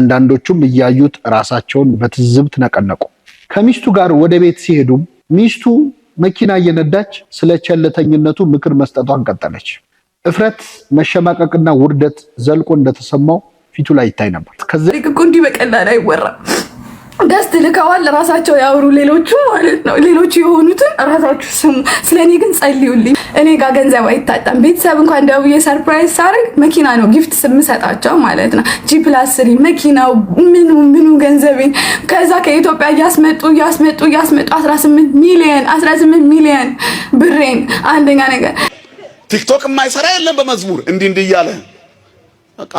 አንዳንዶቹም እያዩት ራሳቸውን በትዝብት ነቀነቁ። ከሚስቱ ጋር ወደ ቤት ሲሄዱም ሚስቱ መኪና እየነዳች ስለ ቸለተኝነቱ ምክር መስጠቷን ቀጠለች። እፍረት፣ መሸማቀቅና ውርደት ዘልቆ እንደተሰማው ፊቱ ላይ ይታይ ነበር። ከዚያ እንዲህ በቀላል አይወራም። ገስት ልከዋል። ራሳቸው ያውሩ ሌሎቹ ማለት ነው። ሌሎቹ የሆኑትን ራሳችሁ ስሙ። ስለ እኔ ግን ጸልዩልኝ። እኔ ጋር ገንዘብ አይታጣም። ቤተሰብ እንኳን ደውዬ ሰርፕራይዝ ሳደርግ መኪና ነው ጊፍት ስምሰጣቸው ማለት ነው። ጂ ፕላስ ስሪ መኪናው ምኑ ምኑ ገንዘቤን ከዛ ከኢትዮጵያ እያስመጡ እያስመጡ እያስመጡ 18 ሚሊየን 18 ሚሊየን ብሬን አንደኛ ነገር ቲክቶክ የማይሰራ የለም። በመዝሙር እንዲህ እንዲህ እያለ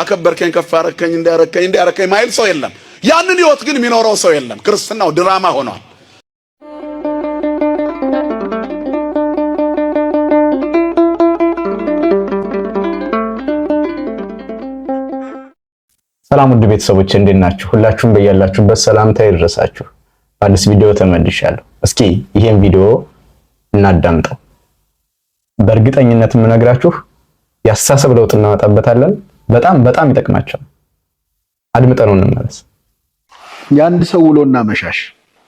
አከበርከኝ፣ ከፍ አረከኝ፣ እንዲያረከኝ እንዲያረከኝ ማይል ሰው የለም። ያንን ህይወት ግን የሚኖረው ሰው የለም። ክርስትናው ድራማ ሆኗል። ሰላም ውድ ቤተሰቦች እንዴት ናችሁ? ሁላችሁም በያላችሁበት ሰላምታ ይደረሳችሁ። በአዲስ ቪዲዮ ተመልሻለሁ። እስኪ ይሄን ቪዲዮ እናዳምጠው። በእርግጠኝነት የምነግራችሁ የአስተሳሰብ ለውጥ እናመጣበታለን። በጣም በጣም ይጠቅማቸዋል። አድምጠነው እንመለስ። የአንድ ሰው ውሎና መሻሽ።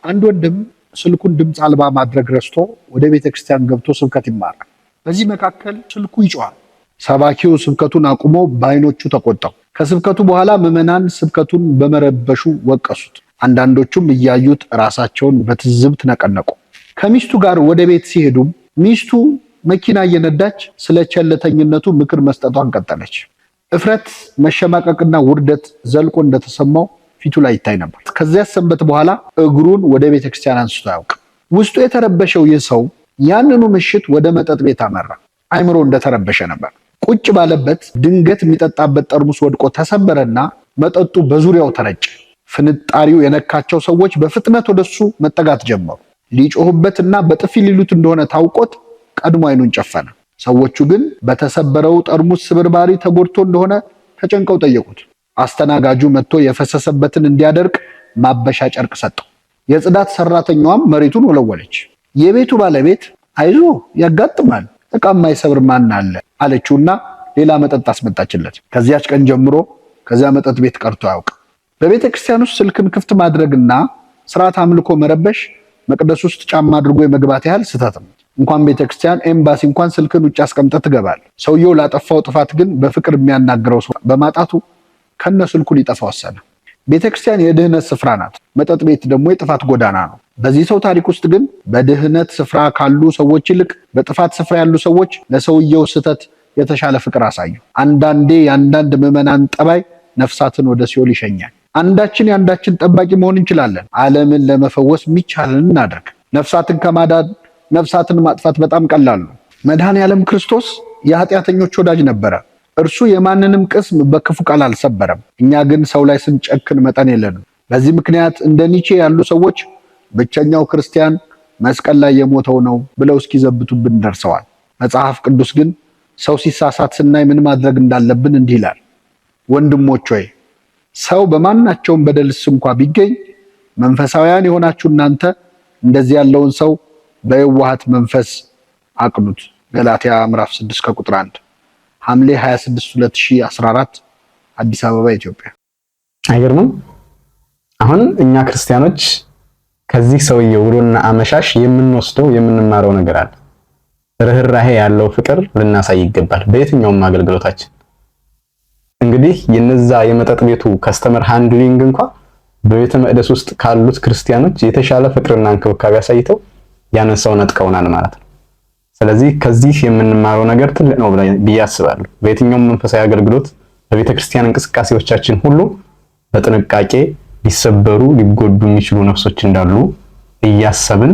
አንድ ወንድም ስልኩን ድምፅ አልባ ማድረግ ረስቶ ወደ ቤተ ክርስቲያን ገብቶ ስብከት ይማራል። በዚህ መካከል ስልኩ ይጮኻል። ሰባኪው ስብከቱን አቁሞ በአይኖቹ ተቆጣው። ከስብከቱ በኋላ ምዕመናን ስብከቱን በመረበሹ ወቀሱት። አንዳንዶቹም እያዩት ራሳቸውን በትዝብት ነቀነቁ። ከሚስቱ ጋር ወደ ቤት ሲሄዱም ሚስቱ መኪና እየነዳች ስለ ቸለተኝነቱ ምክር መስጠቷን ቀጠለች። እፍረት፣ መሸማቀቅና ውርደት ዘልቆ እንደተሰማው ፊቱ ላይ ይታይ ነበር። ከዚያ ሰንበት በኋላ እግሩን ወደ ቤተ ክርስቲያን አንስቶ አያውቅም። ውስጡ የተረበሸው ይህ ሰው ያንኑ ምሽት ወደ መጠጥ ቤት አመራ። አይምሮ እንደተረበሸ ነበር። ቁጭ ባለበት ድንገት የሚጠጣበት ጠርሙስ ወድቆ ተሰበረና መጠጡ በዙሪያው ተረጨ። ፍንጣሪው የነካቸው ሰዎች በፍጥነት ወደሱ መጠጋት ጀመሩ። ሊጮሁበትና በጥፊ ሊሉት እንደሆነ ታውቆት ቀድሞ አይኑን ጨፈነ። ሰዎቹ ግን በተሰበረው ጠርሙስ ስብርባሪ ተጎድቶ እንደሆነ ተጨንቀው ጠየቁት። አስተናጋጁ መጥቶ የፈሰሰበትን እንዲያደርቅ ማበሻ ጨርቅ ሰጠው። የጽዳት ሰራተኛዋም መሬቱን ወለወለች። የቤቱ ባለቤት አይዞ ያጋጥማል፣ እቃ ማይሰብር ማን አለ አለችውና ሌላ መጠጥ አስመጣችለት። ከዚያች ቀን ጀምሮ ከዚያ መጠጥ ቤት ቀርቶ አያውቅም። በቤተ ክርስቲያን ውስጥ ስልክን ክፍት ማድረግና ስርዓት አምልኮ መረበሽ መቅደስ ውስጥ ጫማ አድርጎ የመግባት ያህል ስህተት ነው። እንኳን ቤተ ክርስቲያን ኤምባሲ እንኳን ስልክን ውጭ አስቀምጠ ትገባል። ሰውየው ላጠፋው ጥፋት ግን በፍቅር የሚያናግረው ሰው በማጣቱ ከነ ስልኩ ሊጠፋ ወሰነ። ቤተክርስቲያን የድህነት ስፍራ ናት። መጠጥ ቤት ደግሞ የጥፋት ጎዳና ነው። በዚህ ሰው ታሪክ ውስጥ ግን በድህነት ስፍራ ካሉ ሰዎች ይልቅ በጥፋት ስፍራ ያሉ ሰዎች ለሰውየው ስህተት የተሻለ ፍቅር አሳዩ። አንዳንዴ የአንዳንድ ምዕመናን ጠባይ ነፍሳትን ወደ ሲኦል ይሸኛል። አንዳችን የአንዳችን ጠባቂ መሆን እንችላለን። ዓለምን ለመፈወስ የሚቻለን እናድርግ። ነፍሳትን ከማዳን ነፍሳትን ማጥፋት በጣም ቀላሉ። መድሃን መድኃኔ ዓለም ክርስቶስ የኃጢአተኞች ወዳጅ ነበረ። እርሱ የማንንም ቅስም በክፉ ቃል አልሰበረም። እኛ ግን ሰው ላይ ስንጨክን መጠን የለንም። በዚህ ምክንያት እንደ ኒቼ ያሉ ሰዎች ብቸኛው ክርስቲያን መስቀል ላይ የሞተው ነው ብለው እስኪዘብቱብን ደርሰዋል። መጽሐፍ ቅዱስ ግን ሰው ሲሳሳት ስናይ ምን ማድረግ እንዳለብን እንዲህ ይላል፣ ወንድሞች ሆይ ሰው በማናቸውም በደልስ እንኳ ቢገኝ መንፈሳውያን የሆናችሁ እናንተ እንደዚህ ያለውን ሰው በየዋሃት መንፈስ አቅኑት። ገላትያ ምዕራፍ 6 ከቁጥር 1 ሐምሌ 26 2014 አዲስ አበባ ኢትዮጵያ። አይገርምም? አሁን እኛ ክርስቲያኖች ከዚህ ሰውዬ ውሎና አመሻሽ የምንወስደው የምንማረው ነገር አለ። ርህራሄ ያለው ፍቅር ልናሳይ ይገባል በየትኛውም አገልግሎታችን። እንግዲህ የነዛ የመጠጥ ቤቱ ከስተመር ሃንድሊንግ እንኳ በቤተ መቅደስ ውስጥ ካሉት ክርስቲያኖች የተሻለ ፍቅርና እንክብካቤ አሳይተው ያነሳው ነጥቀውናል ማለት ነው። ስለዚህ ከዚህ የምንማረው ነገር ትልቅ ነው ብዬ አስባለሁ። በየትኛውም መንፈሳዊ አገልግሎት በቤተ ክርስቲያን እንቅስቃሴዎቻችን ሁሉ በጥንቃቄ ሊሰበሩ ሊጎዱ የሚችሉ ነፍሶች እንዳሉ እያሰብን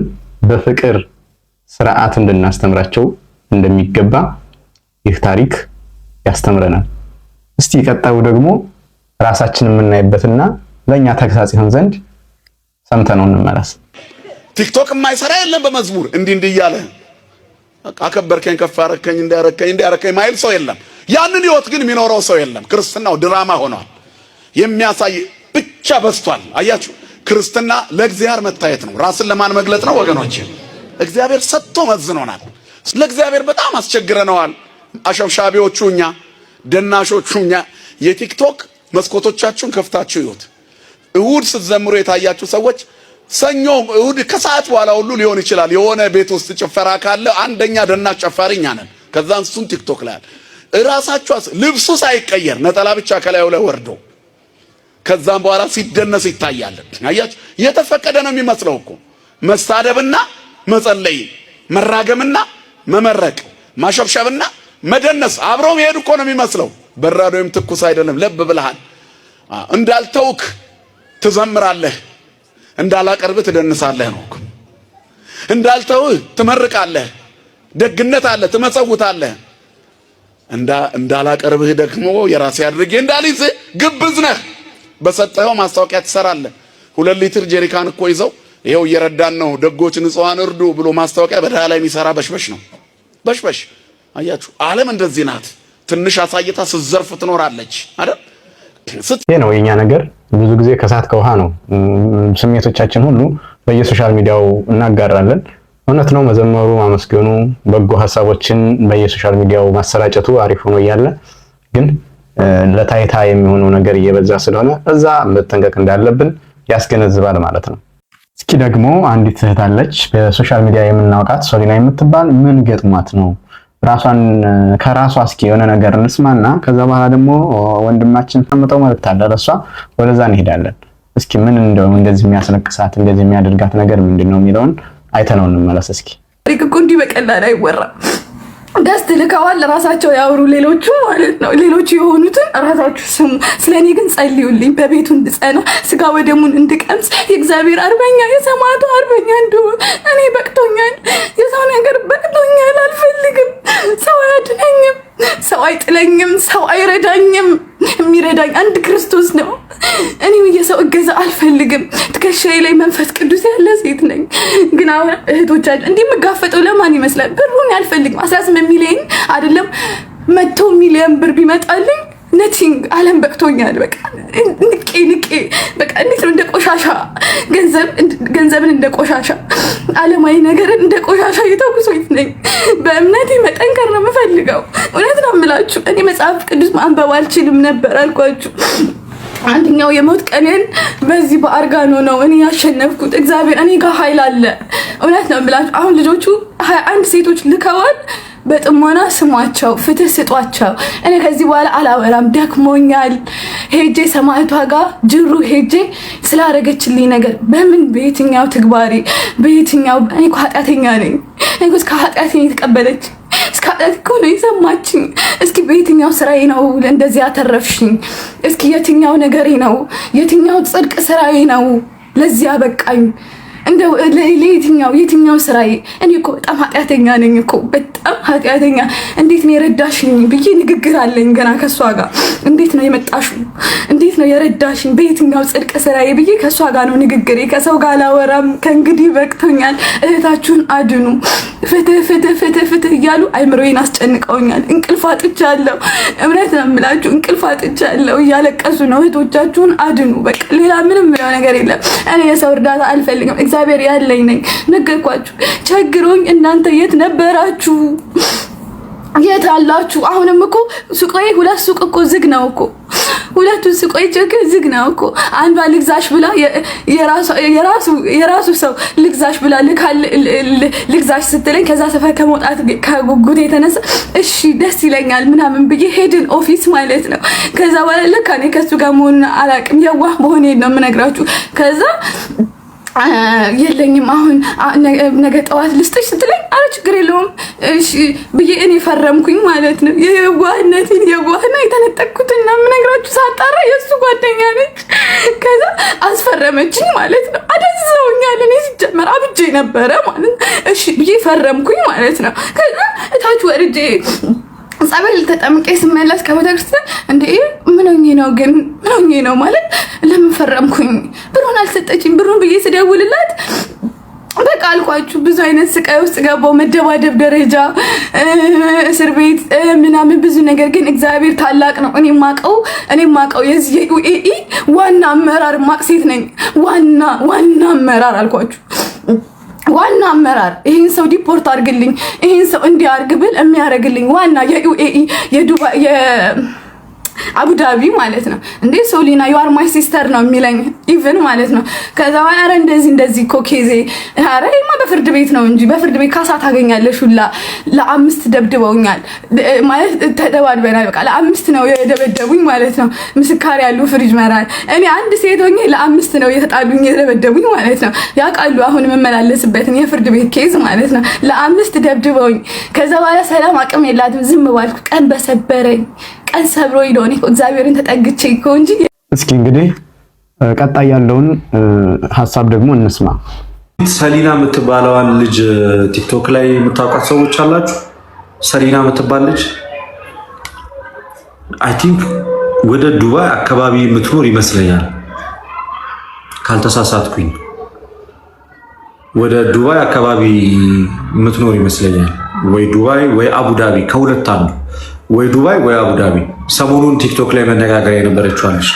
በፍቅር ስርዓት እንድናስተምራቸው እንደሚገባ ይህ ታሪክ ያስተምረናል። እስቲ ቀጣዩ ደግሞ ራሳችን የምናይበትና ለእኛ ተግሳጽ ይሆን ዘንድ ሰምተነው እንመለስ። ቲክቶክ የማይሰራ የለም። በመዝሙር እንዲህ እንዲህ እያለ አከበርከኝ ከፍ አረከኝ እንዲያረከኝ እንዲያረከኝ ማይል ሰው የለም። ያንን ህይወት ግን የሚኖረው ሰው የለም። ክርስትናው ድራማ ሆኗል። የሚያሳይ ብቻ በዝቷል። አያችሁ፣ ክርስትና ለእግዚአብሔር መታየት ነው። ራስን ለማን መግለጥ ነው ወገኖች? እግዚአብሔር ሰጥቶ መዝኖናል። ለእግዚአብሔር በጣም አስቸግረነዋል። አሸብሻቢዎቹ እኛ፣ ደናሾቹ እኛ። የቲክቶክ መስኮቶቻችሁን ከፍታችሁ ይሁት እሁድ ስትዘምሩ የታያችሁ ሰዎች ሰኞም እሁድ ከሰዓት በኋላ ሁሉ ሊሆን ይችላል። የሆነ ቤት ውስጥ ጭፈራ ካለ አንደኛ ደና ጨፋሪ እኛ ነን። ከዛ እሱን ቲክቶክ ላይ እራሳቸው ልብሱ ሳይቀየር ነጠላ ብቻ ከላዩ ላይ ወርዶ ከዛም በኋላ ሲደነስ ይታያል። አያችሁ፣ የተፈቀደ ነው የሚመስለው እኮ መሳደብና መጸለይ፣ መራገምና መመረቅ፣ ማሸብሸብና መደነስ አብሮ መሄድ እኮ ነው የሚመስለው። ወይም ትኩስ አይደለም። ለብ ብለሃል እንዳልተውክ ትዘምራለህ እንዳላቀርብህ ትደንሳለህ ነው። እንዳልተውህ ትመርቃለህ። ደግነት አለ ትመጸውታለህ። እንዳላቀርብህ ደግሞ የራሴ አድርጌ እንዳልይዝህ ግብዝ ነህ። በሰጠኸው ማስታወቂያ ትሰራለህ። ሁለት ሊትር ጀሪካን እኮ ይዘው ይኸው እየረዳን ነው፣ ደጎች ንጹሃን እርዱ ብሎ ማስታወቂያ በድሃ ላይ የሚሰራ በሽበሽ ነው። በሽበሽ አያችሁ፣ ዓለም እንደዚህ ናት። ትንሽ አሳይታ ስትዘርፍ ትኖራለች አይደል? ይህ ነው የኛ ነገር። ብዙ ጊዜ ከእሳት ከውሃ ነው። ስሜቶቻችን ሁሉ በየሶሻል ሚዲያው እናጋራለን። እውነት ነው፣ መዘመሩ፣ ማመስገኑ፣ በጎ ሀሳቦችን በየሶሻል ሚዲያው ማሰራጨቱ አሪፍ ሆኖ እያለ ግን ለታይታ የሚሆነው ነገር እየበዛ ስለሆነ እዛ መጠንቀቅ እንዳለብን ያስገነዝባል ማለት ነው። እስኪ ደግሞ አንዲት እህት አለች በሶሻል ሚዲያ የምናውቃት ሶሊና የምትባል ምን ገጥሟት ነው ራሷን ከራሷ እስኪ የሆነ ነገር እንስማና ከዛ በኋላ ደግሞ ወንድማችን ታምጠው መልክት አለ እሷ ወደዛ እንሄዳለን። እስኪ ምን እንደው እንደዚህ የሚያስለቅሳት እንደዚህ የሚያደርጋት ነገር ምንድን ነው የሚለውን አይተነው እንመለስ። እስኪ ታሪክ እኮ እንዲህ በቀላል አይወራም። ገስት ልከዋል። ራሳቸው ያወሩ ሌሎቹ ማለት ነው። ሌሎቹ የሆኑትን ራሳችሁ ስሙ። ስለ እኔ ግን ጸልዩልኝ፣ በቤቱ እንድጸና፣ ስጋ ወደሙን እንድቀምስ፣ የእግዚአብሔር አርበኛ የሰማዕቱ አርበኛ እንድሆን። እኔ በቅቶኛል፣ የሰው ነገር በቅቶኛል፣ አልፈልግም። ሰው አያድነኝም፣ ሰው አይጥለኝም፣ ሰው አይረዳኝም። የሚረዳኝ አንድ ክርስቶስ ነው። እኔ የሰው እገዛ አልፈልግም። ትከሻዬ ላይ መንፈስ ቅዱስ ያለ ሴት ነኝ። ግን አሁን እህቶቻችን እንዲህ የምጋፈጠው ለማን ይመስላል? ብሩን አልፈልግም። አስራ ስምንት ሚሊዮን አይደለም መቶ ሚሊዮን ብር ቢመጣልኝ ነቲንግ አለም በቅቶኛል። በቃ ንቄ ንቄ በቃ እንዴት ነው እንደ ቆሻሻ ገንዘብን እንደ ቆሻሻ አለማዊ ነገርን እንደ ቆሻሻ የተኩሶት ነኝ። በእምነቴ መጠንከር ነው የምፈልገው። እውነት ነው የምላችሁ። እኔ መጽሐፍ ቅዱስ ማንበብ አልችልም ነበር አልኳችሁ። አንደኛው የሞት ቀንን በዚህ በአርጋኖ ነው እኔ ያሸነፍኩት። እግዚአብሔር እኔ ጋር ኃይል አለ። እውነት ነው ብላችሁ አሁን ልጆቹ ሀያ አንድ ሴቶች ልከዋል። በጥሞና ስሟቸው፣ ፍትህ ስጧቸው። እኔ ከዚህ በኋላ አላወራም፣ ደክሞኛል። ሄጄ ሰማዕቷ ጋር ጅሩ ሄጄ ስላደረገችልኝ ነገር በምን በየትኛው ትግባሬ በየትኛው እኔ እኮ ኃጢአተኛ ነኝ። እኔ እኮ ከኃጢአቴ የተቀበለች እስካለት እኮ ነው የሰማችኝ። እስኪ በየትኛው ስራዬ ነው እንደዚህ ያተረፍሽኝ? እስኪ የትኛው ነገሬ ነው? የትኛው ጽድቅ ስራዬ ነው ለዚያ በቃኝ? እንደው ለየትኛው የትኛው ስራ እኔ እኮ በጣም ኃጢአተኛ ነኝ እኮ በጣም ኃጢአተኛ። እንዴት ነው የረዳሽኝ ብዬ ንግግር አለኝ ገና ከእሷ ጋር። እንዴት ነው የመጣሹ? እንዴት ነው የረዳሽኝ? በየትኛው ጽድቅ ስራዬ ብዬ ከእሷ ጋር ነው ንግግሬ። ከሰው ጋር አላወራም ከእንግዲህ በቅቶኛል። እህታችሁን አድኑ፣ ፍትህ፣ ፍትህ፣ ፍትህ፣ ፍትህ እያሉ አይምሮዬን አስጨንቀውኛል። እንቅልፍ አጥቻለሁ። እምነት ነው የምላችሁ እንቅልፍ አጥቻለሁ። እያለቀሱ ነው። እህቶቻችሁን አድኑ። በቃ ሌላ ምንም የሚለው ነገር የለም። እኔ የሰው እርዳታ አልፈልግም። እግዚአብሔር ያለኝ ነኝ። ነገርኳችሁ፣ ቸግሮኝ እናንተ የት ነበራችሁ? የት አላችሁ? አሁንም እኮ ሱቆይ ሁለት ሱቅ እኮ ዝግ ነው እኮ ሁለቱን ሱቆይ ችግር ዝግ ነው እኮ። አንዷ ልግዛሽ ብላ የራሱ ሰው ልግዛሽ ብላ ልግዛሽ ስትለኝ ከዛ ሰፈር ከመውጣት ከጉጉት የተነሳ እሺ ደስ ይለኛል ምናምን ብዬ ሄድን ኦፊስ ማለት ነው። ከዛ በኋላ ለካ እኔ ከሱ ጋር መሆኑን አላውቅም። የዋህ መሆኔን ነው የምነግራችሁ ከዛ የለኝም አሁን ነገ ጠዋት ልስጥሽ ስትለኝ፣ አረ ችግር የለውም ብዬ እኔ ፈረምኩኝ ማለት ነው። የዋህነትን የዋህና የተነጠቅኩትና የምነግራችሁ ሳጣራ የእሱ ጓደኛ ነች። ከዛ አስፈረመችኝ ማለት ነው። አደዝዘውኛል። እኔ ሲጀመር አብጄ ነበረ ማለት ነው። እሺ ብዬ ፈረምኩኝ ማለት ነው። ከዛ እታች ወርጄ ጸበል ተጠምቄ ስመለስ ከቤተክርስቲያን እንደ ምን ነው ግን ምን ነው ማለት ለምን ፈረምኩኝ? ብሩን አልሰጠችኝ ብሩን ብዬ ስደውልላት በቃ አልኳችሁ፣ ብዙ አይነት ስቃይ ውስጥ ገባው። መደባደብ ደረጃ እስር ቤት ምናምን ብዙ ነገር። ግን እግዚአብሔር ታላቅ ነው። እኔ ማቀው እኔ ማቀው የዚህ የዩኤኢ ዋና አመራር ማቅሴት ነኝ። ዋና ዋና አመራር አልኳችሁ። ዋና አመራር ይህን ሰው ዲፖርት አድርግልኝ፣ ይህን ሰው እንዲያርግ ብል የሚያደርግልኝ ዋና የዩኤኢ የዱባይ አቡዳቢ ማለት ነው እንዴ ሶሊና ዩአር ማይ ሲስተር ነው የሚለኝ ኢቭን ማለት ነው። ከዛ ዋይ አረ እንደዚህ እንደዚህ ኮኬዜ ኬዜ ይማ በፍርድ ቤት ነው እንጂ በፍርድ ቤት ካሳ ታገኛለሽ ሁላ ለአምስት ደብድበውኛል ማለት ተደባድበናል። በቃ ለአምስት ነው የደበደቡኝ ማለት ነው። ምስካሪ ያሉ ፍሪጅ መራል እኔ አንድ ሴት ሆኜ ለአምስት ነው የተጣሉኝ የደበደቡኝ ማለት ነው። ያውቃሉ አሁን የምመላለስበትን የፍርድ ቤት ኬዝ ማለት ነው። ለአምስት ደብድበውኝ ከዛ በኋላ ሰላም አቅም የላትም ዝም ባልኩ ቀን በሰበረኝ ቀን ሰብሮ ነው እኔ እግዚአብሔርን ተጠግቼ እኮ እንጂ። እስኪ እንግዲህ ቀጣይ ያለውን ሀሳብ ደግሞ እንስማ። ሰሊና የምትባለዋን ልጅ ቲክቶክ ላይ የምታውቋት ሰዎች አላችሁ? ሰሊና የምትባል ልጅ አይ ቲንክ ወደ ዱባይ አካባቢ የምትኖር ይመስለኛል ካልተሳሳትኩኝ ወደ ዱባይ አካባቢ የምትኖር ይመስለኛል፣ ወይ ዱባይ ወይ አቡዳቢ ከሁለት አንዱ ወይ ዱባይ ወይ አቡዳቢ። ሰሞኑን ቲክቶክ ላይ መነጋገሪያ የነበረችው አለች።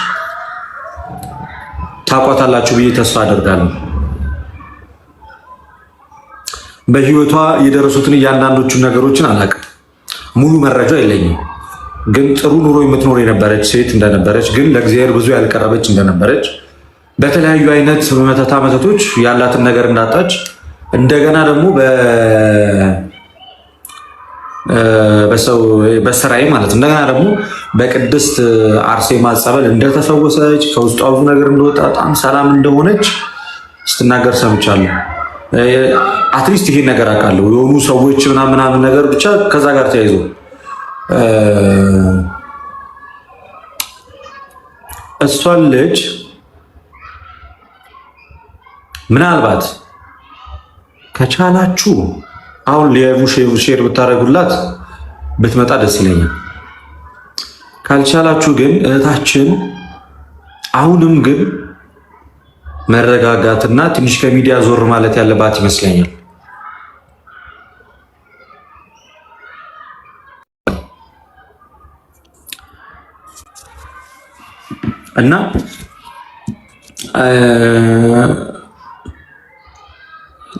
ብዬ ተስፋ አደርጋለሁ። በህይወቷ የደረሱትን እያንዳንዶቹን ነገሮችን አላውቅም፣ ሙሉ መረጃ የለኝም። ግን ጥሩ ኑሮ የምትኖር የነበረች ሴት እንደነበረች፣ ግን ለእግዚአብሔር ብዙ ያልቀረበች እንደነበረች፣ በተለያዩ አይነት መተታ መተቶች ያላትን ነገር እንዳጣች እንደገና ደግሞ በስራዬ ማለት ነው። እንደገና ደግሞ በቅድስት አርሴማ ጸበል እንደተፈወሰች ከውስጧ ብዙ ነገር እንደወጣ በጣም ሰላም እንደሆነች ስትናገር ሰምቻለሁ። አትሊስት ይሄን ነገር አውቃለሁ። የሆኑ ሰዎች ምናምናምን ነገር ብቻ ከዛ ጋር ተያይዞ እሷን ልጅ ምናልባት ከቻላችሁ አሁን ለየቡ ሼር ብታደርጉላት ብትመጣ ደስ ይለኛል። ካልቻላችሁ ግን እህታችን አሁንም ግን መረጋጋትና ትንሽ ከሚዲያ ዞር ማለት ያለባት ይመስለኛል። እና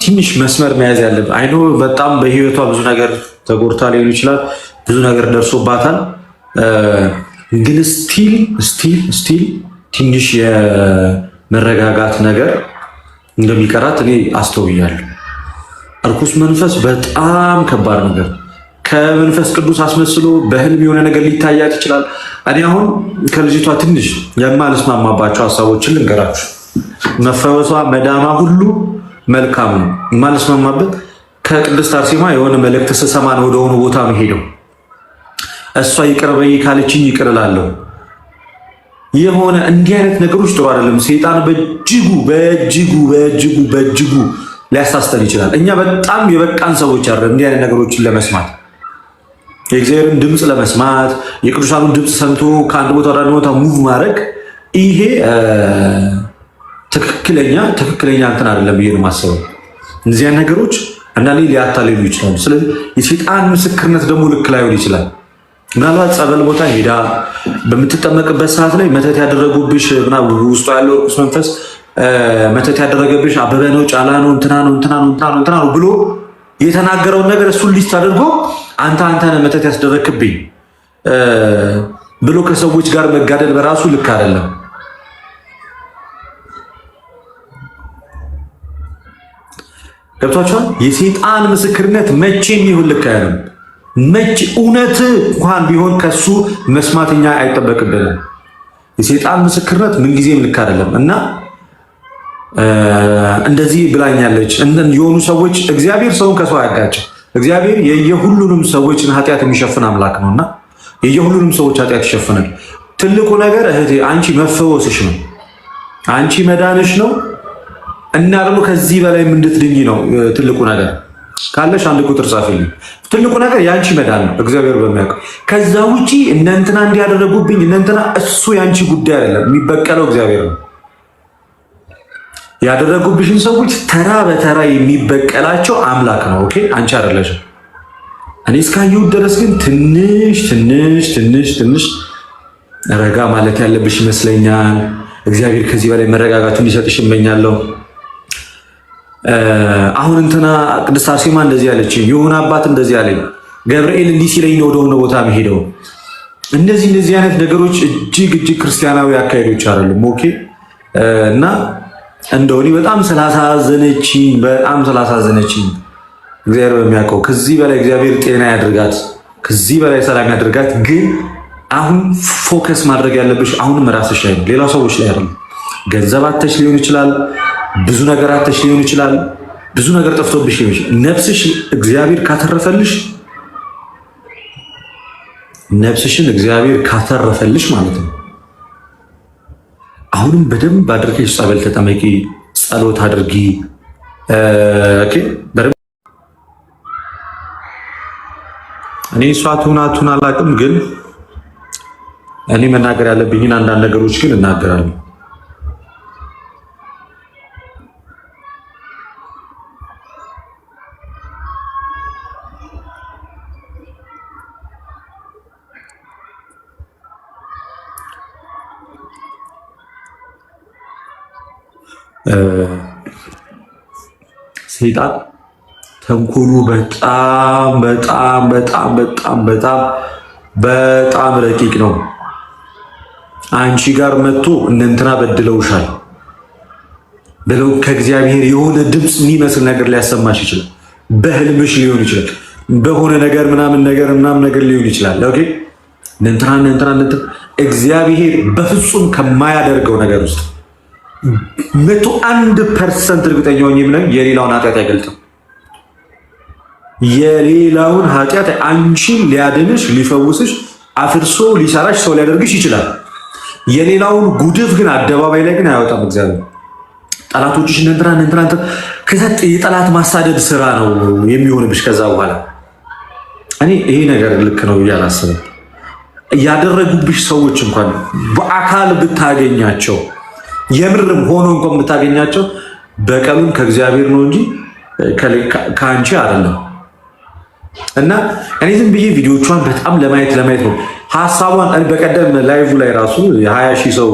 ትንሽ መስመር መያዝ ያለብን አይኖ በጣም በህይወቷ ብዙ ነገር ተጎድታ ሊሆን ይችላል፣ ብዙ ነገር ደርሶባታል። ግን ስቲል ስቲል ስቲል ትንሽ የመረጋጋት ነገር እንደሚቀራት እኔ አስተውያለሁ። እርኩስ መንፈስ በጣም ከባድ ነገር ከመንፈስ ቅዱስ አስመስሎ በህልም የሆነ ነገር ሊታያት ይችላል። እኔ አሁን ከልጅቷ ትንሽ የማልስማማባቸው ሀሳቦችን ልንገራችሁ። መፈወሷ መዳኗ ሁሉ መልካም ነው። የማልስማማበት ከቅድስት አርሴማ የሆነ መልእክት ስሰማ ነው ወደሆኑ ቦታ መሄደው። እሷ ይቅርበይ ካለችኝ ይቅር የሆነ እንዲህ አይነት ነገሮች ጥሩ አይደለም። ሴጣን በእጅጉ በእጅጉ በእጅጉ በእጅጉ ሊያሳስተን ይችላል። እኛ በጣም የበቃን ሰዎች አለ እንዲህ አይነት ነገሮችን ለመስማት የእግዚአብሔርን ድምፅ ለመስማት የቅዱሳኑን ድምፅ ሰምቶ ከአንድ ቦታ ወደ አንድ ቦታ ሙቭ ማድረግ ይሄ ትክክለኛ ትክክለኛ እንትን አይደለም ብዬ ነው የማስበው። እነዚያ ነገሮች አንዳንዴ ሊያታልሉ ይችላሉ። ስለዚህ የሴጣን ምስክርነት ደግሞ ልክ ላይሆን ይችላል። ምናልባት ጸበል ቦታ ሄዳ በምትጠመቅበት ሰዓት ላይ መተት ያደረጉብሽ ውስጡ ያለው ርኩስ መንፈስ መተት ያደረገብሽ አበበ ነው፣ ጫላ ነው፣ እንትና ነው፣ እንትና ነው፣ እንትና ነው፣ እንትና ነው ብሎ የተናገረውን ነገር እሱን ሊስት አድርጎ አንተ አንተ ነህ መተት ያስደረክብኝ ብሎ ከሰዎች ጋር መጋደል በራሱ ልክ አይደለም። ገብቷችኋል? የሴጣን ምስክርነት መቼም ይሁን ልክ አይሆንም። መቼ እውነት እንኳን ቢሆን ከሱ መስማትኛ አይጠበቅብንም። የሴጣን ምስክርነት ምንጊዜም ልክ አይደለም እና እንደዚህ ብላኛለች የሆኑ ሰዎች እግዚአብሔር ሰውን ከሰው አያጋጭም። እግዚአብሔር የየሁሉንም ሰዎችን ኃጢአት የሚሸፍን አምላክ እና የየሁሉንም ሰዎች ኃጢአት ይሸፍናል። ትልቁ ነገር እህቴ አንቺ መፈወስሽ ነው። አንቺ መዳንሽ ነው። እና ደግሞ ከዚህ በላይ እንድትድኝ ነው ትልቁ ነገር። ካለሽ አንድ ቁጥር ጻፍልኝ። ትልቁ ነገር ያንቺ መዳን ነው፣ እግዚአብሔር በሚያውቅ። ከዛ ውጪ እነንትና እንዲያደረጉብኝ እነንትና፣ እሱ ያንቺ ጉዳይ አይደለም። የሚበቀለው እግዚአብሔር ነው። ያደረጉብሽን ሰዎች ተራ በተራ የሚበቀላቸው አምላክ ነው። ኦኬ፣ አንቺ አይደለሽም። እኔ እስካየሁት ድረስ ግን ትንሽ ትንሽ ትንሽ ትንሽ ረጋ ማለት ያለብሽ ይመስለኛል። እግዚአብሔር ከዚህ በላይ መረጋጋቱ እንዲሰጥሽ እመኛለሁ። አሁን እንትና ቅድስት አርሴማ እንደዚህ አለች፣ የሆነ አባት እንደዚህ አለኝ፣ ገብርኤል እንዲህ ሲለኝ ነው ወደሆነ ቦታ መሄደው። እንደዚህ እንደዚህ አይነት ነገሮች እጅግ እጅግ ክርስቲያናዊ አካሄዶች አይደሉም። ሞኬ እና እንደው እኔ በጣም ስላሳዘነችኝ በጣም ስላሳዘነችኝ እግዚአብሔር በሚያውቀው ከዚህ በላይ እግዚአብሔር ጤና ያድርጋት፣ ከዚህ በላይ ሰላም ያድርጋት። ግን አሁን ፎከስ ማድረግ ያለብሽ አሁንም ራስሽ ላይ ነው፣ ሌላ ሰዎች ላይ አይደለም። ገንዘብ አተሽ ሊሆን ይችላል ብዙ ነገር አተሽ ሊሆን ይችላል። ብዙ ነገር ጠፍቶብሽ ሊሆን ይችላል። ነፍስሽ እግዚአብሔር ካተረፈልሽ ነፍስሽን እግዚአብሔር ካተረፈልሽ ማለት ነው። አሁንም በደንብ አድርገሽ ጸበል ተጠመቂ፣ ጸሎት አድርጊ። እኔ እሷ ትሁናቱን አላውቅም፣ ግን እኔ መናገር ያለብኝን አንዳንድ ነገሮች ግን እናገራለሁ። ሰይጣን ተንኮሉ በጣም በጣም በጣም በጣም በጣም በጣም ረቂቅ ነው። አንቺ ጋር መጥቶ እንንትና በድለውሻል ብለው ከእግዚአብሔር የሆነ ድምፅ የሚመስል ነገር ሊያሰማሽ ይችላል። በህልምሽ ሊሆን ይችላል። በሆነ ነገር ምናምን ነገር ምናምን ነገር ሊሆን ይችላል። ኦኬ እንንትና እግዚአብሔር በፍጹም ከማያደርገው ነገር ውስጥ መቶ አንድ ፐርሰንት እርግጠኛ ሆኜ ምንም የሌላውን ኃጢአት አይገልጥም። የሌላውን ኃጢአት አንቺን ሊያድንሽ ሊፈውስሽ አፍርሶ ሊሰራሽ ሰው ሊያደርግሽ ይችላል። የሌላውን ጉድፍ ግን አደባባይ ላይ ግን አያወጣም እግዚአብሔር። ጠላቶችሽ እንትና እንትና ከዛ የጠላት ማሳደድ ስራ ነው የሚሆንብሽ። ከዛ በኋላ እኔ ይሄ ነገር ልክ ነው እያላስብም ያደረጉብሽ ሰዎች እንኳን በአካል ብታገኛቸው የምርም ሆኖ እንኳን ብታገኛቸው በቀሉም ከእግዚአብሔር ነው እንጂ ከአንቺ አይደለም። እና እኔ ዝም ብዬ ቪዲዮቿን በጣም ለማየት ለማየት ነው ሀሳቧን። በቀደም ላይቭ ላይ ራሱ የሀያ ሺህ ሰው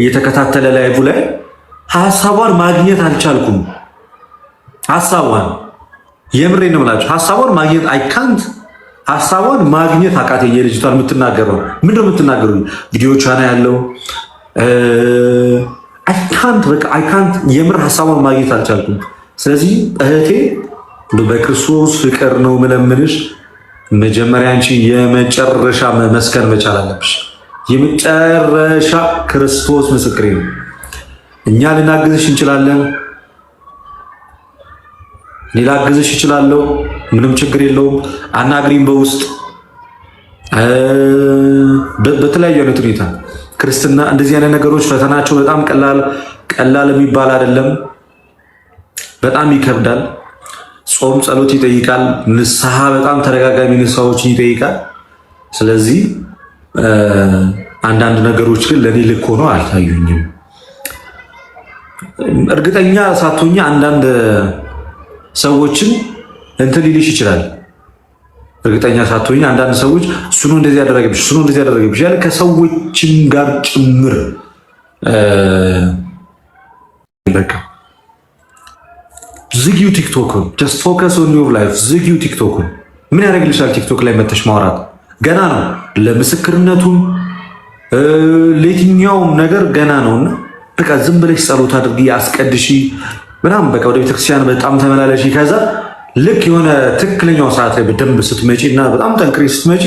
እየተከታተለ ላይቭ ላይ ሀሳቧን ማግኘት አልቻልኩም። ሀሳቧን የምሬ ነው የምላቸው ሀሳቧን ማግኘት አይካንት ሀሳቧን ማግኘት አቃተኝ። የልጅቷን የምትናገረው ምንድ የምትናገሩ ቪዲዮቿን ያለው አይካንት በቃ አይካንት የምር ሀሳቧን ማግኘት አልቻልኩም። ስለዚህ እህቴ በክርስቶስ ፍቅር ነው ምለምንሽ፣ መጀመሪያ አንቺ የመጨረሻ መስከን መቻል አለብሽ። የመጨረሻ ክርስቶስ ምስክሬ ነው። እኛ ልናግዝሽ እንችላለን፣ እኔ እችላለሁ። ምንም ችግር የለውም። አናግሪም በውስጥ በተለያዩ አይነት ሁኔታ ክርስትና እንደዚህ አይነት ነገሮች ፈተናቸው በጣም ቀላል ቀላል የሚባል አይደለም። በጣም ይከብዳል። ጾም፣ ጸሎት ይጠይቃል። ንስሐ በጣም ተደጋጋሚ ንስሐዎችን ይጠይቃል። ስለዚህ አንዳንድ ነገሮች ግን ለእኔ ልክ ሆኖ አልታዩኝም። እርግጠኛ ሳትሆኝ አንዳንድ ሰዎችን እንትን ሊልሽ ይችላል እርግጠኛ ሳትሆኝ አንዳንድ ሰዎች እሱኑ እንደዚህ ያደረገብሽ፣ እሱ ነው እንደዚህ ያደረገብሽ ያለ ከሰዎችም ጋር ጭምር በቃ ዝጊው ቲክቶክ ጀስት ፎከስ ኦን ዮር ላይፍ። ዝጊው ቲክቶክ ምን ያደርግልሻል? ቲክቶክ ላይ መተሽ ማውራት ገና ነው። ለምስክርነቱም ለየትኛውም ነገር ገና ነውና በቃ ዝም ብለሽ ጸሎት አድርጊ፣ አስቀድሺ ምናምን በቃ ወደ ቤተክርስቲያን በጣም ተመላለሺ ከዛ ልክ የሆነ ትክክለኛው ሰዓት ላይ በደንብ ስትመጪ እና በጣም ጠንክሬ ስትመጪ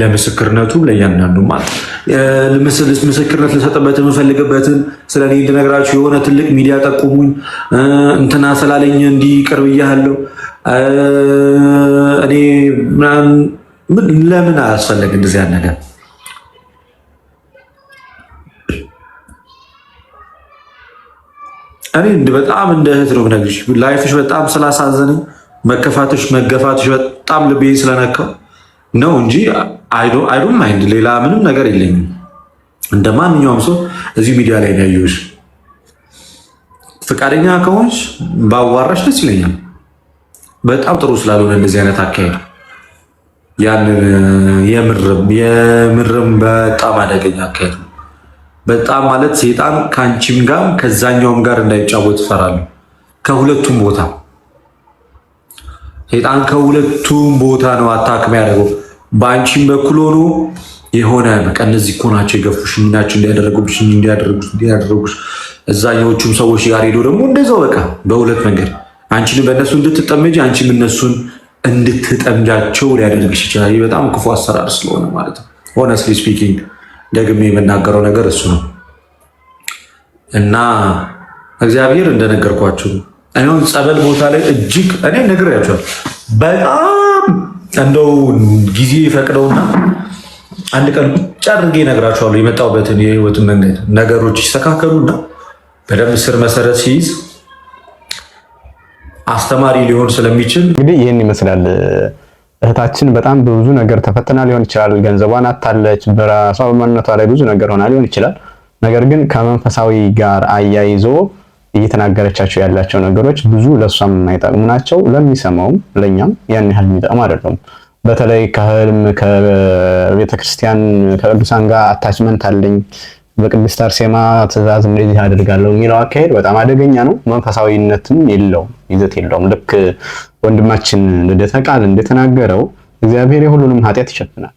ለምስክርነቱ ለእያንዳንዱ ማለት ምስክርነት ልሰጥበት የምፈልግበትን ስለ እኔ እንድነግራችሁ የሆነ ትልቅ ሚዲያ ጠቁሙኝ፣ እንትና ስላለኝ እንዲህ ቅርብ እያለሁ እኔ ለምን አያስፈለግ እንደዚያን ነገር እኔ በጣም እንደ እህት ነው ብነግርሽ፣ ላይፍሽ በጣም ስላሳዘነኝ መከፋትሽ፣ መገፋትሽ በጣም ልቤ ስለነካው ነው እንጂ አይዶን ማይንድ ሌላ ምንም ነገር የለኝም። እንደ ማንኛውም ሰው እዚህ ሚዲያ ላይ ነው ያየሁሽ። ፈቃደኛ ከሆንሽ ባዋራሽ ደስ ይለኛል። በጣም ጥሩ ስላልሆነ እንደዚህ አይነት አካሄድ ያንን የምርም የምርም በጣም አደገኛ አካሄድ ነው። በጣም ማለት ሰይጣን ከአንቺም ጋር ከዛኛውም ጋር እንዳይጫወት እፈራለሁ። ከሁለቱም ቦታ ሰይጣን ከሁለቱም ቦታ ነው አታክም የሚያደርገው። በአንቺም በኩል ሆኖ የሆነ በቃ እነዚህ እኮ ናቸው የገፉሽ፣ ናቸው እንዲያደረጉብሽ፣ እንዲያደረጉሽ እዛኛዎቹም ሰዎች ጋር ሄዶ ደግሞ እንደዛው በቃ በሁለት መንገድ አንቺን በእነሱ እንድትጠመጅ፣ አንቺም እነሱን እንድትጠምጃቸው ሊያደርግሽ ይችላል። ይህ በጣም ክፉ አሰራር ስለሆነ ማለት ነው ሆነስሊ ስፒኪንግ ደግሜ የምናገረው ነገር እሱ ነው እና እግዚአብሔር እንደነገርኳችሁ እኔውን ጸበል ቦታ ላይ እጅግ እኔ ነግሬያቸዋል። በጣም እንደው ጊዜ ይፈቅደውና አንድ ቀን ጨርጌ አድርጌ እነግራቸዋለሁ የመጣሁበትን የህይወት መንገድ። ነገሮች ይስተካከሉና በደንብ ስር መሰረት ሲይዝ አስተማሪ ሊሆን ስለሚችል እንግዲህ ይህን ይመስላል። እህታችን በጣም ብዙ ነገር ተፈትና ሊሆን ይችላል። ገንዘቧን አታለች፣ በራሷ በማንነቷ ላይ ብዙ ነገር ሆና ሊሆን ይችላል። ነገር ግን ከመንፈሳዊ ጋር አያይዞ እየተናገረቻቸው ያላቸው ነገሮች ብዙ ለእሷም የማይጠቅሙ ናቸው። ለሚሰማውም ለእኛም ያን ያህል የሚጠቅሙ አይደለም። በተለይ ከህልም ከቤተክርስቲያን ከቅዱሳን ጋር አታችመንት አለኝ በቅድስት አርሴማ ትእዛዝ እንደዚህ አደርጋለሁ የሚለው አካሄድ በጣም አደገኛ ነው። መንፈሳዊነትም የለውም፣ ይዘት የለውም። ልክ ወንድማችን ልደተ ቃል እንደተናገረው እግዚአብሔር የሁሉንም ኃጢአት ይሸፍናል።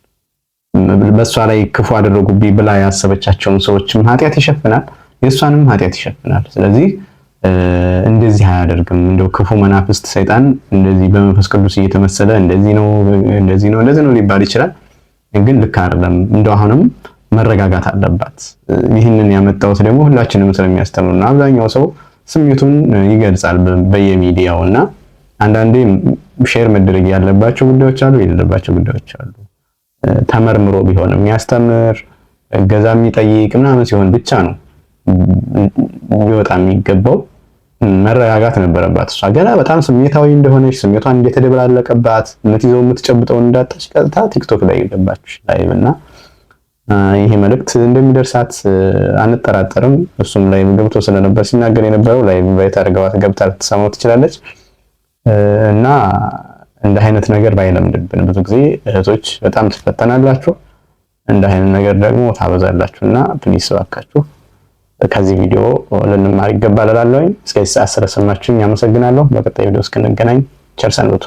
በእሷ ላይ ክፉ አደረጉብኝ ብላ ያሰበቻቸውን ሰዎችም ኃጢአት ይሸፍናል፣ የእሷንም ኃጢአት ይሸፍናል። ስለዚህ እንደዚህ አያደርግም። እንደው ክፉ መናፍስት ሰይጣን እንደዚህ በመንፈስ ቅዱስ እየተመሰለ እንደዚህ ነው እንደዚህ ነው እንደዚህ ነው ሊባል ይችላል፣ ግን ልክ አይደለም። እንደው አሁንም መረጋጋት አለባት። ይህንን ያመጣሁት ደግሞ ሁላችንም ስለሚያስተምሩ ነው። አብዛኛው ሰው ስሜቱን ይገልጻል በየሚዲያው እና አንዳንዴ ሼር መደረግ ያለባቸው ጉዳዮች አሉ፣ የሌለባቸው ጉዳዮች አሉ። ተመርምሮ ቢሆን የሚያስተምር እገዛ የሚጠይቅ ምናምን ሲሆን ብቻ ነው ሊወጣ የሚገባው። መረጋጋት ነበረባት። እሷ ገና በጣም ስሜታዊ እንደሆነች ስሜቷን እንደተደበላለቀባት የምትይዘው የምትጨብጠው እንዳጣች ቀጥታ ቲክቶክ ላይ ገባች ላይቭ እና ይሄ መልእክት እንደሚደርሳት አንጠራጠርም። እሱም ላይ ገብቶ ስለነበር ሲናገር የነበረው ላይ ባይት አድርገዋት ገብታ ልትሰማው ትችላለች እና እንደ አይነት ነገር ባይለምድብን። ብዙ ጊዜ እህቶች በጣም ትፈተናላችሁ፣ እንደ አይነት ነገር ደግሞ ታበዛላችሁ እና ፕሊስ እባካችሁ ከዚህ ቪዲዮ ልንማር ይገባል እላለሁኝ። እስከዚህ ሰዓት ስለሰማችሁኝ አመሰግናለሁ። በቀጣይ ቪዲዮ እስክንገናኝ ቸር ሰንብቱ።